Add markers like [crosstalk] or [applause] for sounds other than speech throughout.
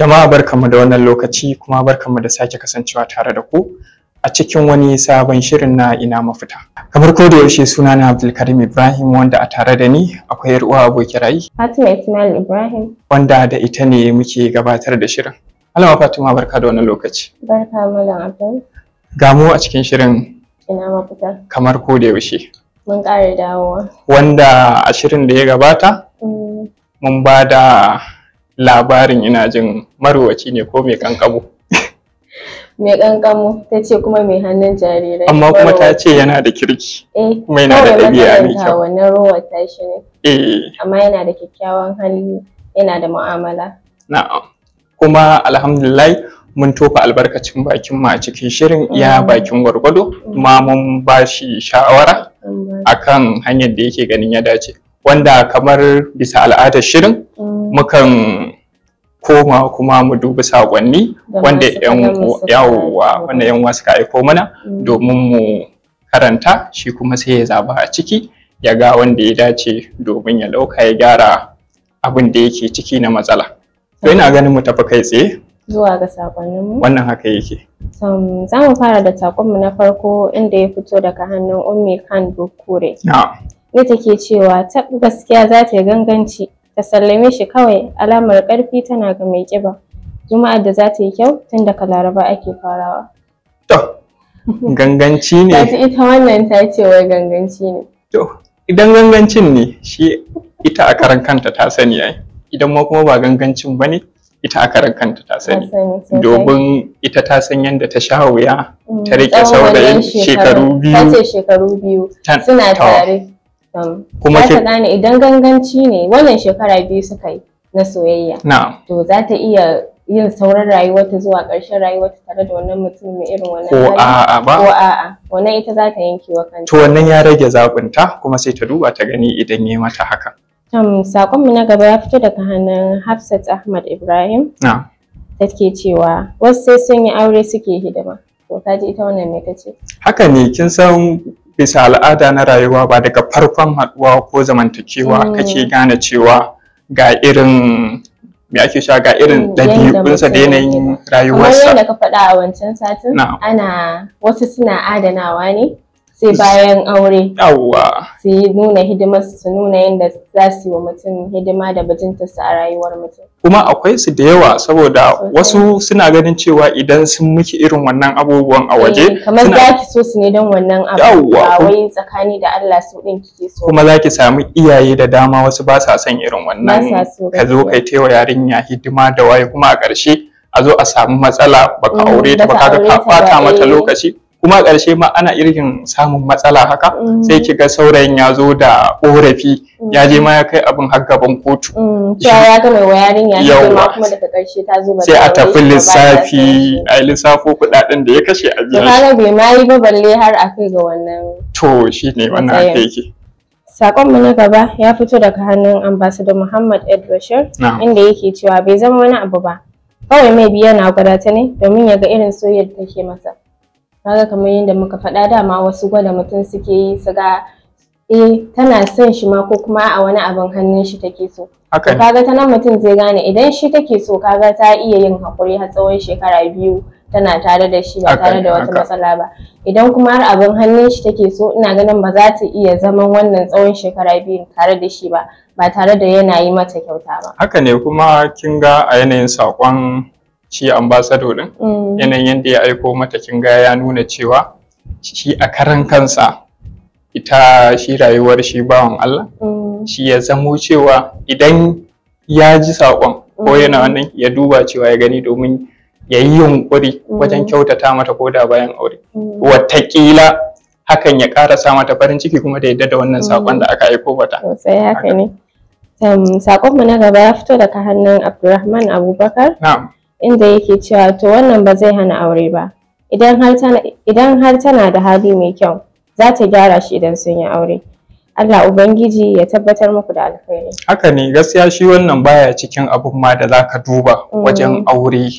Jama'a barkanmu da wannan lokaci kuma barkanmu da sake kasancewa tare da ku a cikin wani sabon shirin na ina mafita. Kamar ko da yaushe suna na Abdulkarim Ibrahim wanda a tare da ni akwai yar uwa aboki rayi. Fatima Ismail Ibrahim. Wanda da ita ne muke gabatar da shirin. Alama Fatima barka da wannan lokaci. Barka Malam Abdul. Ga mu a cikin shirin ina mafita. Kamar ko da yaushe. Mun ƙara dawowa. Wanda a shirin da ya gabata. Mm. Mun ba da labarin ina jin marwaci ne ko mai kankamu. mai kankamu ta ce kuma mai hannun jarirai amma kuma ta ce yana da kirki eh, kuma yana da ɗabi'a mai kyau wannan ruwa ta shi ne eh. amma yana da kyakkyawan hali yana da mu'amala na'am kuma alhamdulillah mun tofa albarkacin bakin mu a cikin shirin iya bakin gwargwado mm. ma mun ba shi shawara akan hanyar da yake ganin ya dace wanda kamar bisa al'adar shirin mm. mukan koma kuma mu duba sakonni wanda yan yawowa wanda yan uwa suka aiko mana mm. domin mu karanta shi kuma sai ya zaba a ciki ya ga wanda ya dace domin ya lauka ya gyara abin da yake ciki na matsala to ina mm. ganin mu tafi kai tsaye zuwa ga mu. wannan haka yake um, za mu fara da sakonmu na farko inda ya fito daga hannun ummi kan dokure Ita ke cewa ta gaskiya za ta ganganci ka sallame shi kawai alamar ƙarfi tana ga mai ƙiba juma'ar da za ta yi kyau tun daga laraba ake farawa to ganganci ne ta ita wannan ta ce wai ganganci ne to idan gangancin ne shi ita a karan kanta ta sani ai idan ma kuma ba gangancin ba ne ita a karan kanta ta sani domin ita ta san yadda ta sha wuya ta mm, rike saurayin shekaru biyu suna tare Um, kuma ta gane idan ganganci ne wannan shekara biyu suka yi na soyayya to za ta iya yin sauran rayuwarta zuwa ƙarshen rayuwarta tare da wannan mutum mai irin wannan ko a'a ba ko a'a wannan ita za ta yanke wa kanta to wannan ya rage zaɓinta kuma sai ta duba ta gani idan yi mata haka um, saƙonmu na gaba ya fito daga hannun hafsat ahmad ibrahim na take cewa wasu sai sun yi aure suke hidima to ka ji ita wannan me ta ce haka ne kin san bisa al'ada na rayuwa ba daga farkon haɗuwa ko zamantakewa hmm. kake gane cewa ga irin me ake sha ga irin hmm, ɗabi'unsa da yanayin rayuwarsa. Kamar yadda ka faɗa a wancan satin, ana wasu suna adanawa ne, sai bayan aure yawwa su yi nuna hidimar su nuna yadda za su yi wa mutum hidima da su a rayuwar mutum kuma akwai su da yawa saboda wasu suna ganin cewa idan sun miki irin wannan abubuwan a waje eh, kamar za ki so su ne don wannan abu wai tsakani da Allah su din kike so kuma za ki samu iyaye da dama wasu ba sa son irin wannan ka zo kai taiwa yarinya hidima da waye kuma a ƙarshe a zo a samu matsala baka mm, aure ta baka ka fata mata eh. lokaci kuma a ƙarshe ma ana irin samun matsala haka mm. sai ki ga saurayin ya zo da ƙorafi mm. ya je ma ya kai abin har gaban kotu mm. ya gama yarinya ma kuma daga ƙarshe ta zo sai a tafi lissafi a lissafo kuɗaɗen da ya kashe a biya shi bai ma yi ba balle har a kai ga wannan to shine wannan haka yake mu na gaba ya fito daga hannun ambassador Muhammad Ed inda yake cewa bai zama wani abu ba. Kawai mai biya na gwada ta ne domin ya ga irin soyayyar da take masa. kaga kamar yadda muka faɗa dama wasu gwada mutum suke yi su ga eh tana son shi ma ko kuma a wani abin hannun shi take so okay. kaga ta nan mutum zai gane idan shi take so kaga ta iya yin hakuri har tsawon shekara biyu tana tare da shi ba tare da wata matsala ba idan kuma har abin hannun shi take so ina ganin ba za ta iya zaman wannan tsawon shekara biyu tare da shi ba ba tare da yana yi mata kyauta ba haka ne kuma kin ga a yanayin saƙon shi ambasado din mm. yanayin yadda ya aiko mata kinga ya nuna cewa shi a karan kansa ita shi rayuwar shi bawan Allah mm. shi ya zamo cewa idan ya ji saƙon ko mm. yana wannan ya duba cewa ya gani domin ya yi yunƙuri wajen kyautata mata ko da bayan aure wataƙila hakan ya karasa mata farin ciki kuma da yadda da wannan saƙon da aka aiko mata sai haka ne saƙonmu na gaba ya fito daga hannun abdulrahman abubakar na'am inda yake cewa to wannan ba zai hana aure ba idan har tana da hali mai kyau za ta gyara shi idan sun yi aure Allah Ubangiji ya tabbatar muku da alkhairi. Haka ne gaskiya shi wannan baya cikin abun ma da zaka duba mm. wajen aure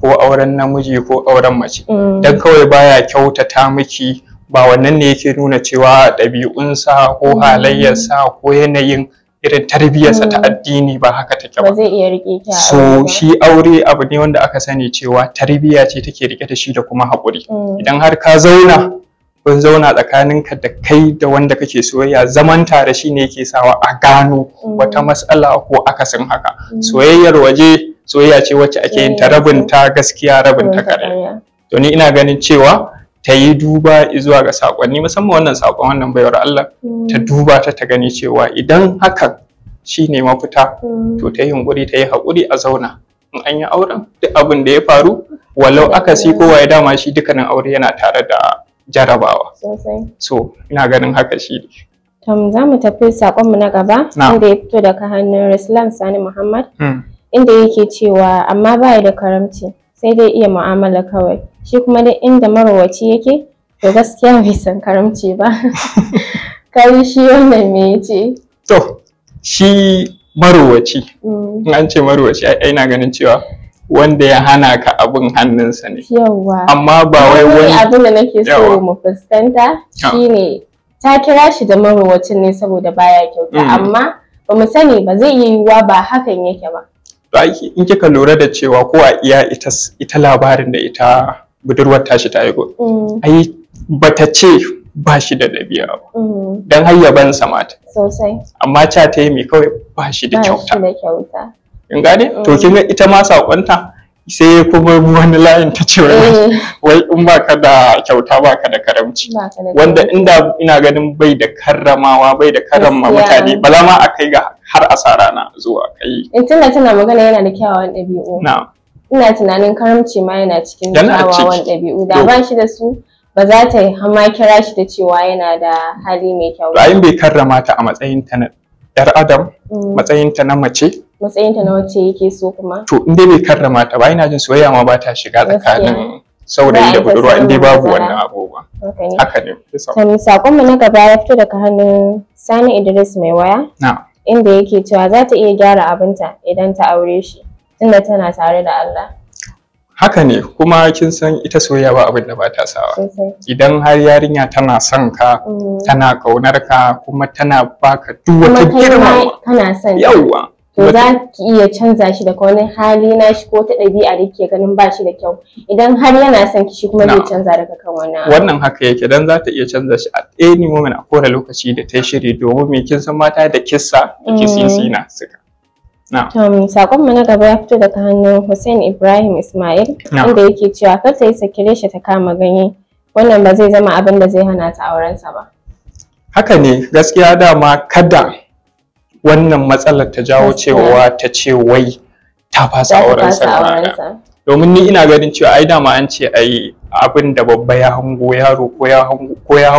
ko auren namiji ko auren mace. Mm. Dan kawai baya kyautata miki ba wannan ne yake nuna cewa ɗabi'unsa ko mm. halayyarsa ko yanayin irin tarbiyyarsa ta hmm. addini ba haka take ba. Ba zai iya rike ta. So shi aure abu ne wanda aka sani cewa tarbiyya ce take rike da shi da kuma hakuri. Hmm. Idan har ka zauna kun zauna ka da kai da wanda kake soyayya zaman tare shi ne yake sawa a gano hmm. wata matsala ko akasin haka. Soyayyar waje soyayya ce wacce ake yin ta rabin ta gaskiya rabin ta kare. To ni ina ganin cewa ta yi duba zuwa ga sakonni, musamman wannan saƙon wannan baiwar Allah ta mm. duba ta ta gani cewa idan haka shi ne mafita mm. to ta yi hunguri ta yi haƙuri a zauna in an yi auren duk abin da ya faru walau aka si kowa ya dama shi dukkanin aure yana tare da jarabawa so ina ganin haka shi ne tam za mu tafi saƙonmu na gaba inda ya fito daga hannun Rislam Sani Muhammad mm. inda yake cewa amma baya da karamci sai dai iya mu'amala kawai shi kuma dai inda marowaci yake to gaskiya [laughs] bai san karamci ba [laughs] kai shi wannan me yace. to shi marowaci mm. in an ce marowaci ai ina ganin cewa wanda ya hana ka abin hannunsa ne yawa amma ba wai wani abin da nake so mu fuskanta shine ta kira shi da marowacin ne saboda baya kyauta mm. amma ba mu sani ba zai yi yiwuwa ba hakan yake ba in kika lura da cewa ko a iya ita labarin da ita budurwar tashi ta haihu. Mm. ai ta ce ba shi da ɗabi'a ba. Mm. Don hayyaban samata. Sosai. Amma ca ta yi mai kawai ba shi da kyauta. Ba shi da kyauta. In gane? To mm. kin ga ita ma saƙonta sai kuma wani layin ta ce wai eh. in ba ka da kyauta ba ka da karamci. Wanda inda ina ganin bai da karramawa bai da karrama mutane bala ma a kai ga har asara na zuwa kai. In eh, tana magana yana da kyawawan ɗabi'u. Na'am. ina tunanin karamci ma yana cikin kyawawan ɗabi'u da ba shi da su ba za ta yi hama kira shi da cewa yana da hali mai kyau ba bai karrama ta a matsayin ta na yar adam mm. matsayin ta na mace matsayin ta na wacce yake so kuma to in dai bai karrama ta ba ina jin soyayya ma ba ta shiga tsakanin saurayi da budurwa in dai babu wannan abubuwa haka ne ta sakon mu na gaba ya fito daga hannun Sani Idris mai waya inda yake cewa za ta iya gyara abinta idan ta aure shi tunda tana tare da Allah haka ne kuma kin san ita soyayya ba abin da ba ta sawa idan har yarinya tana son ka mm. tana kaunar ka kuma tana baka duk wata girma Tana son yawa to za ki iya canza shi daga wani hali na shi ko ta ɗabi'a da ke ganin ba shi da kyau idan har yana son ki shi kuma zai canza daga kan wannan wannan haka yake dan za ta iya canza shi a any moment a kowane lokaci da ta shiri domin me kin san mata da kissa da kisisi na mm. suka Um, Sakonmu na gaba ya fito daga hannun Hussein Ibrahim Ismail inda yake cewa kar ta yi sakire shi ta kama gani. wannan ba zai zama abin da zai hana ta aurensa ba. Haka ne gaskiya dama kada wannan matsalar ta jawo cewa ta ce wai ta fasa aurensa domin ni ina ganin cewa ai dama an ce ai abin da babba ya hango yaro ko ya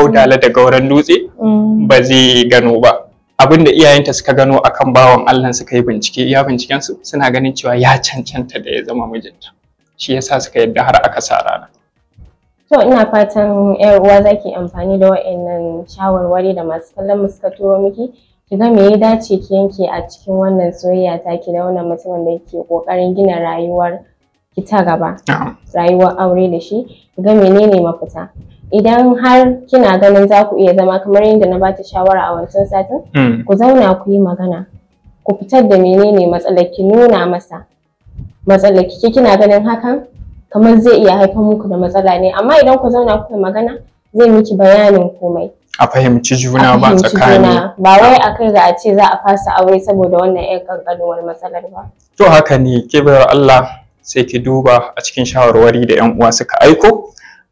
hau mm. dala daga wurin dutse mm. ba zai gano ba abin da iyayenta suka gano akan bawan Allah suka yi bincike iya binciken su suna ganin cewa ya cancanta da ya zama mijinta shi yasa suka yadda har aka sa rana to ina fatan yar uwa zaki amfani da wa'annan shawarwari da masu kallon mu suka turo miki ki ga me ya dace ki yanke a cikin wannan soyayya ta ki da wannan mutumin da yake kokarin gina rayuwar ki ta gaba rayuwar aure da shi ki ga menene mafita idan har kina ganin za ku iya zama kamar yadda na bata shawara a wancan satin hmm. ku zauna ku yi magana ku fitar da menene matsalar ki nuna masa matsalar ki kina ganin hakan kamar zai iya haifar muku da matsala ne amma idan ku zauna ku yi magana zai miki bayanin komai a fahimci juna ba tsakani ba wai a kai ga a ce za a fasa aure saboda wannan yan kankanuwar matsalar ba to haka ne kibiyar Allah sai ki duba a cikin shawarwari da yan uwa suka aiko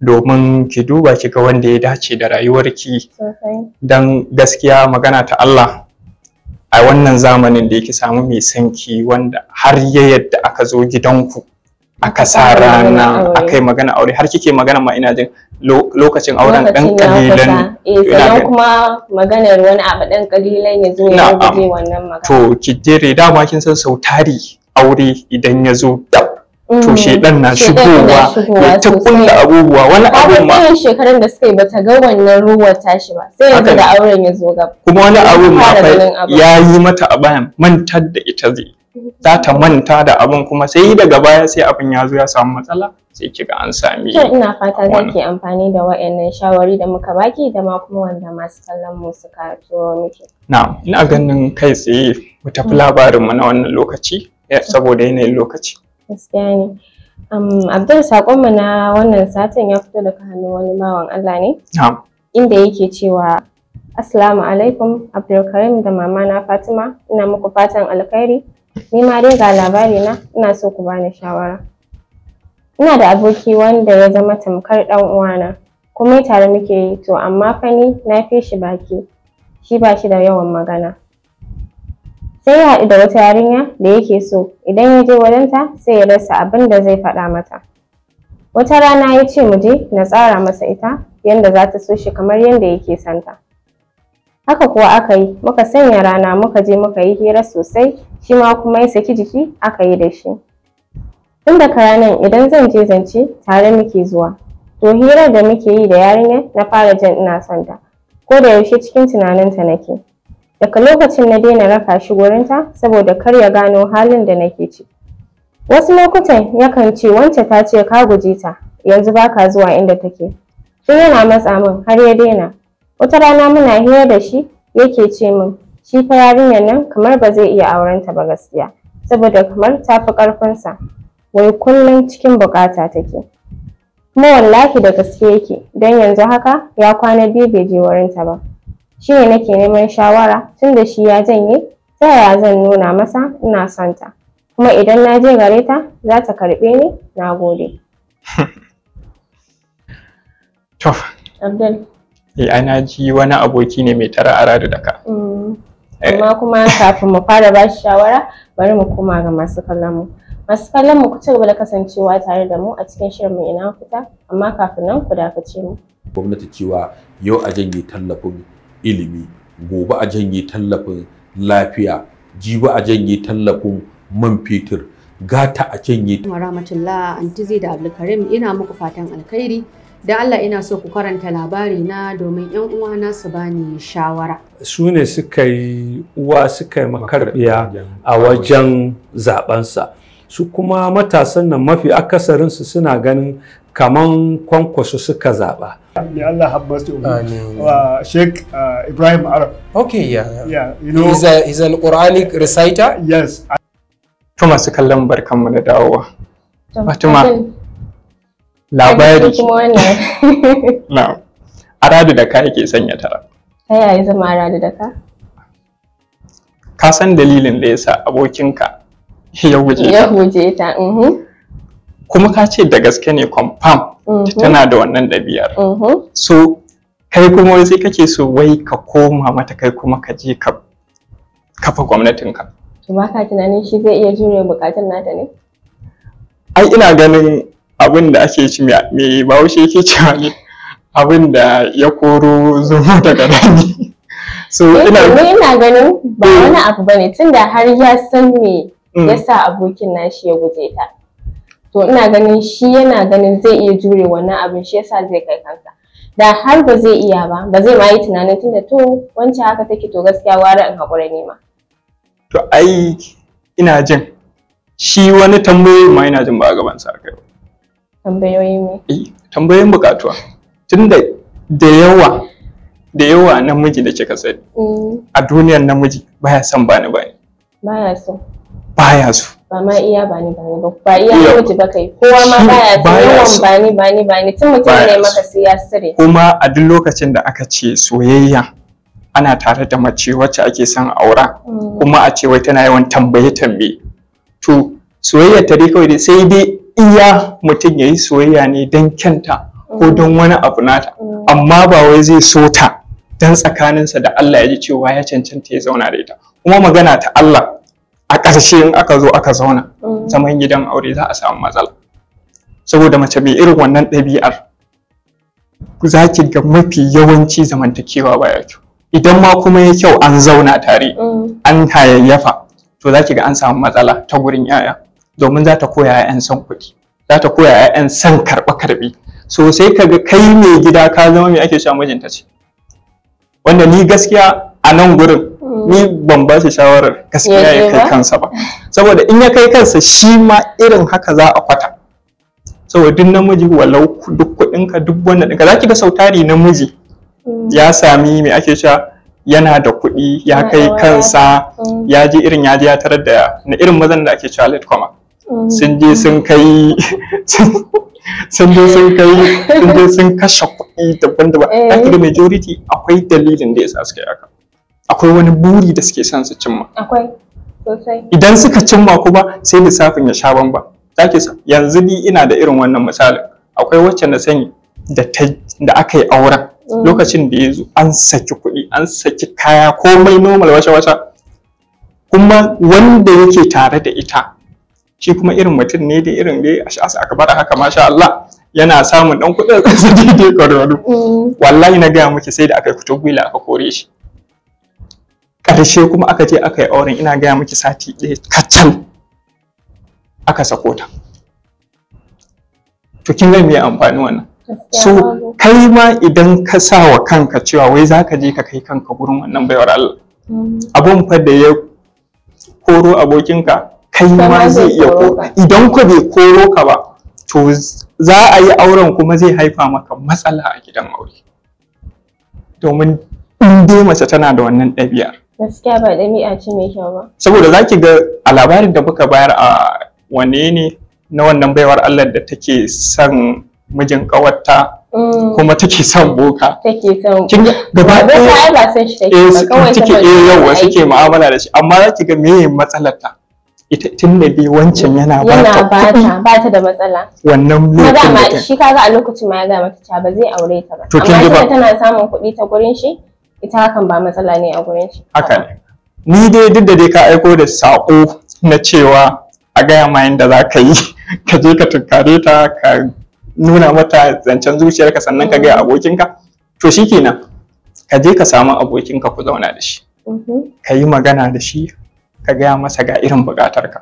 domin ki duba ki ga wanda ya dace da rayuwarki don gaskiya magana ta Allah a wannan zamanin da yake samu mai sanki wanda har ya yadda aka zo gidanku aka sa rana aka yi magana aure har kike magana ma ina jin lokacin auren dan kalilan eh, sannan kuma maganar wani abu dan kalilan ya zo ya guje wannan magana to ki jere dama kin san sautari aure idan ya zo dab to mm. shedan na shigowa ya ta kulla abubuwa wani abu ma ba shekarun da suka yi bata ga wannan ruwar tashi ba sai yanzu da auren ya zo gaba kuma wani abu ma ya yi mata a bayan mantar da ita zai za ta manta da abin kuma sai daga baya sai abin ya zo ya samu matsala sai kiga an sami to ina fata za ki amfani da wa'annan shawari da muka baki da ma kuma wanda masu kallon mu suka turo miki na'am ina ganin kai tsaye mu tafi labarin mu na wannan lokaci eh, saboda yanayin lokaci gaskiya ne abdul saƙonmu na wannan satin ya fito daga hannun wani bawan allah ne inda yake cewa assalamu alaikum abdulkarim da mama na fatima ina muku fatan alkhairi ni ma dai ga labari na ina so ku bani shawara ina da aboki wanda ya zama tamkar dan uwana kuma tare muke yi to amma fa ni na fi shi baki shi ba shi da yawan magana sai ya haɗu da wata yarinya da yake so idan ya je wajenta sai ya rasa abin da zai faɗa mata wata rana ya ce mu je na tsara masa ita yanda za ta so shi kamar yadda yake santa haka kuwa aka yi muka sanya rana muka je muka yi hira sosai shi ma kuma ya saki jiki aka yi da shi tun daga ranar idan zan je zance tare muke zuwa to hirar da muke yi da yarinya na fara jan ina santa ko da yaushe cikin tunaninta nake Daga lokacin na daina raka shi gurinta saboda kar ya gano halin da nake ci. Wasu lokutan yakan ce wance ta ce ka guje ta, yanzu ba ka zuwa inda take. Tun yana matsa min har ya daina. Wata rana muna hira da shi yake ce min shi fa yarinyar nan kamar ba zai iya aurenta ba gaskiya, saboda kamar ta fi ƙarfinsa. Wai kullum cikin buƙata take. Kuma wallahi da gaske yake, don yanzu haka ya kwana biyu bai je wurinta ba. shi ne nake neman shawara tun da shi ya janye ta yaya zan nuna masa ina santa kuma idan na je gare ta za ta karɓe ni na gode [laughs] eh ana ji wani aboki ne mai tara a da ka mm. eh. amma kuma kafin mu fara ba shi shawara bari mu koma ga masu kallon mu masu kallon mu ku ci gaba da kasancewa tare da mu a cikin shirin mu ina fita amma kafin nan ku dakace mu gwamnati cewa yau a janye tallafin ilimi gobe a janye tallafin lafiya jibi a janye tallafin man fetur gata a janye wa anti zai da abdulkarim ina muku fatan alkhairi da Allah ina so ku karanta labari na domin yan uwana su bani shawara su ne suka yi uwa suka yi makarbiya a wajen sa su kuma matasan nan mafi akasarinsu suna ganin kaman kwankwaso suka zaba. May Allah have mercy on uh, Sheikh uh, Ibrahim Arab. Okay, yeah. Yeah, you know. He's, a, he's an Quranic reciter? Yes. To masu kallon barkanmu da dawowa. Fatima, labari. Na, aradu [laughs] da ka yake sanya tara. Ta yaya zama aradu da ka? Ka san dalilin da ya sa abokinka ya guje ta. Ya guje ta, mhm. kuma ka ce da gaske ne confirm mhm. tana da wannan ɗabi'ar mhm. so kai kuma sai kake so wai ka koma mata kai kuma ka je ka kafa gwamnatinka to ba ka tunanin shi zai iya jure bukatun nata ne ai ina ganin abin da ake ci me bahaushe yake cewa ne abin da ya koro zuwa daga nan. so eh, ina ina ganin ba eh. wani abu bane tunda har ya san me mm. yasa abokin nashi ya guje ta to ina ganin shi yana ganin zai iya jure wannan abin shi yasa zai kai kansa da har ba zai iya ba ba zai ma yi tunanin tunda to wancan haka take to gaskiya ware in haƙura ne ma to ai ina jin shi wani tambayoyi ma ina jin ba a gaban sa kai tambayoyi ne eh tambayoyin bukatuwa tunda da yawa da yawa namiji da kika sani mm. a duniyar namiji baya son bani bani baya so baya so ba ma iya ba ni ba ba iya ba kai kowa ma baya yawan ba ni ba ni ba ni mutum ne maka sai ya kuma a duk lokacin da aka ce soyayya ana tare da mace wacce ake son aura mm. kuma a ce wai tana yawan tambaye tambaye to soyayya ta dai kawai sai dai iya mutum ya yi soyayya ne don kyanta ko mm. don wani abu nata mm. amma ba wai zai so ta don tsakaninsa da Allah ya ji cewa ya cancanta ya zauna da ita kuma magana ta Allah ƙarshe in aka zo aka zauna mm. zaman gidan aure za a samu matsala saboda mace mai irin wannan ɗabi'ar za ki ga mafi yawanci zamantakewa baya kyau idan ma kuma ya kyau an zauna tare mm. an hayayyafa to za ki ga an samu matsala ta gurin yaya domin za ta koya 'ya'yan san kuɗi za ta koya 'ya'yan san karɓa karɓi so sai ka ga kai mai gida ka zama mai ake sha mijinta ce wanda ni gaskiya a nan gurin ni ban ba shi shawarar gaskiya ya kai kansa ba saboda in ya kai kansa shi ma irin haka za a kwata saboda duk namiji walau duk ka duk wanda ɗinka za ki ga sautari namiji ya sami me ake sha yana da kuɗi ya kai kansa mm. ya je irin ya je ya tarar da na irin mazan da ake cewa late coma mm. sun je sun kai sun je sun kai sun je sun kashe kuɗi daban-daban da eh. majority akwai dalilin da ya sa suka yi haka akwai wani buri da suke son su cimma akwai sosai idan suka cimma kuma sai lissafin ya sha bamba zaki yanzu ni ina da irin wannan misali. akwai wacce na sani da ta da aka yi auren mm. lokacin da ya an saki kuɗi an saki kaya komai normal wasa wasa kuma wanda yake tare da ita shi kuma irin mutum ne da irin dai aka bara haka masha Allah yana samun dan kuɗin sa [laughs] dai gwargwado mm. wallahi na ga miki sai da aka fito gwila aka kore shi Karshe kuma aka je aka yi auren ina gaya miki sati ɗaya kacal aka sako ta to kin ga me amfani wannan so kai ma idan ka sa wa kanka cewa wai za ka je ka kai kanka gurin wannan baiwar Allah mm. abun fa da ya koro abokinka kai ma zai iya koro idan ku bai koro ka ba to za a yi auren kuma zai haifa maka matsala a gidan aure domin in dai mace tana da wannan ɗabi'ar gaskiya ba ɗabi'a ce mai kyau ba saboda zaki ga a labarin da muka bayar a wane ne na wannan baiwar Allah da take son mijin ƙawarta mm. kuma take son boka take son kin gaba ɗaya ba san shi take eh, ba kawai take eh yawa suke mu'amala da shi amma zaki ga meye matsalar ta ita tun da dai wancan yana ba ta yana ba ta da matsala wannan lokacin da shi kaga a lokacin ma ya ga mata ba zai aure ta ba amma ita tana samun kuɗi ta gurin shi ita hakan ba matsala ne a gurin shi haka ne ni dai duk da dai ka aiko da sako na cewa a gaya ma yadda za ka yi [laughs] ka je ka tunkare ta ka nuna mata zancen zuciyarka sannan ka gaya abokinka to shikenan ka je ka samu abokinka ku zauna da shi mm-hmm. ka yi magana da shi ka gaya masa ga irin buƙatarka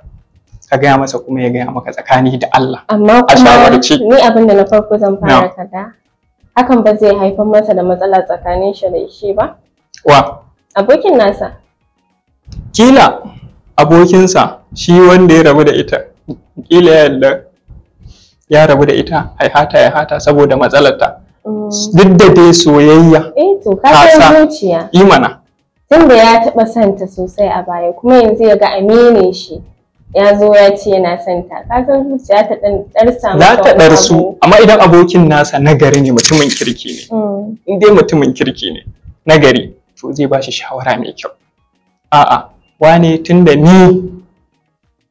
ka gaya masa kuma ya gaya maka tsakani da Allah amma kuma ni abin na farko zan fara kada hakan ba zai haifar masa da matsala tsakanin shi da shi ba? Wa. Abokin nasa. Kila abokinsa shi wanda ya rabu da ita, kila yadda ya rabu da ita, haihata ya hata saboda matsalarta. Mm. Duk da dai soyayya. Eh to, kasar zuciya. Imana. Tunda ya taɓa santa sosai a baya, kuma yanzu ya ga amene shi. ya zo ya ce yana son ta kaga zuciya ta dan darsa za ta darsu amma idan abokin nasa gari ne mutumin kirki ne mm. in dai mutumin kirki ne nagari to zai ba shi shawara mai kyau a'a wane tunda ni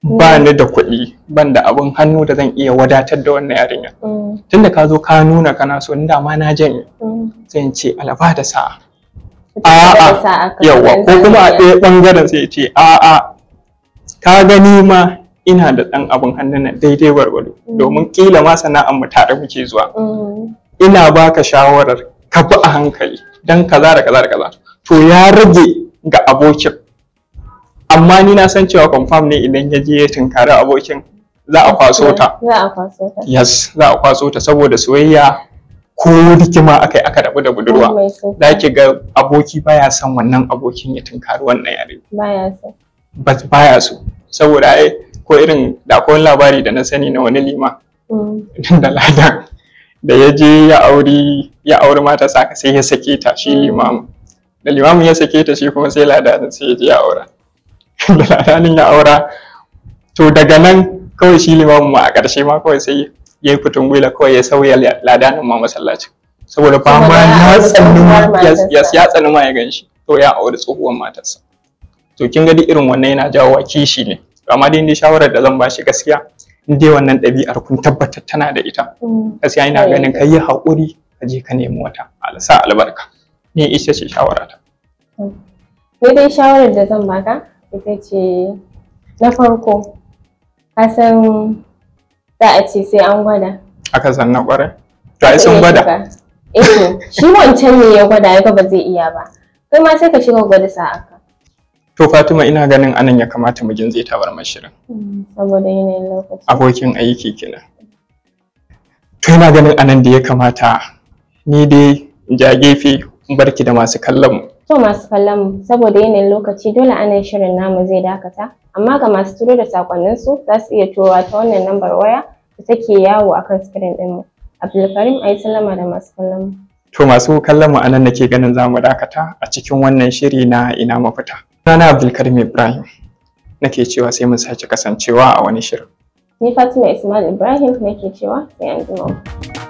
ba mm. ni da kuɗi ban da abin hannu da zan iya wadatar da wannan yarinya mm. tunda ka zo ka nuna kana so ni dama na janye zan ce alaba da sa'a a'a yawa ko kuma a ɗaya ɓangaren sai ce a'a ka gani ma ina da ɗan abin hannun nan daidai gwargwado mm. domin ƙila ma sana'ar mu tare muke zuwa mm. ina baka shawarar ka bi a hankali dan kaza da kaza da kaza to ya rage ga abokin amma ni na san cewa confirm ne idan ya je ya tunkari abokin za a kwaso ta yes za a kwaso ta saboda soyayya ko rikima akai aka rabu da budurwa da ki ga aboki baya son wannan abokin ya tunkari wannan yare baya so saboda ai ko irin da akwai labari da na sani na wani lima mm. da lada da ya je ya auri ya auri mata saka sai ya sake ta shi mm. limamu da limamu ya sake ta shi kuma sai da sai ya je ya aura [laughs] da nan ya aura to daga nan kawai shi limamu ma a ƙarshe ma kawai sai ya yi fitin gwila kawai ya sauya nan ma masallacin saboda ba ma ya tsanuma ya gan shi to ya auri tsohuwar matarsa to kin ga duk irin wannan yana jawo kishi ne amma dai ni shawarar da zan ba shi gaskiya in dai wannan ɗabi'ar kun tabbatar tana da ita mm. gaskiya ina ganin ka yi haƙuri ka je ka nemi wata alsa albarka ni ita ce ta. ni mm. dai shawarar da zan baka ita ce na farko ka san za a ce sai an gwada aka san na ƙwarai to ai sun eh, gwada eh shi wancan ne ya gwada ya ba zai iya ba kai ma sai ka shiga gwada sa'a To Fatima ina ganin anan ya kamata mu jinzai tabar mashirin? Saboda yanayin lokaci. Abokin aiki kina. To ina ganin anan da ya kamata ni dai ja gefe barki da masu kallon mu. To masu kallon mu saboda yanayin lokaci dole anan shirin namu zai dakata amma ga masu turo da sakonnin su za su iya turowa ta wannan lambar waya da take yawo kan screen din mu. Abdulkarim ayi sallama da masu kallon mu. To masu kallon mu anan nake ganin za mu dakata a cikin wannan shiri na ina mafita. Rana Abdulkarim Ibrahim nake cewa sai mun sake kasancewa a wani shirin. Ni Fatima Ismail Ibrahim nake cewa sai an jima.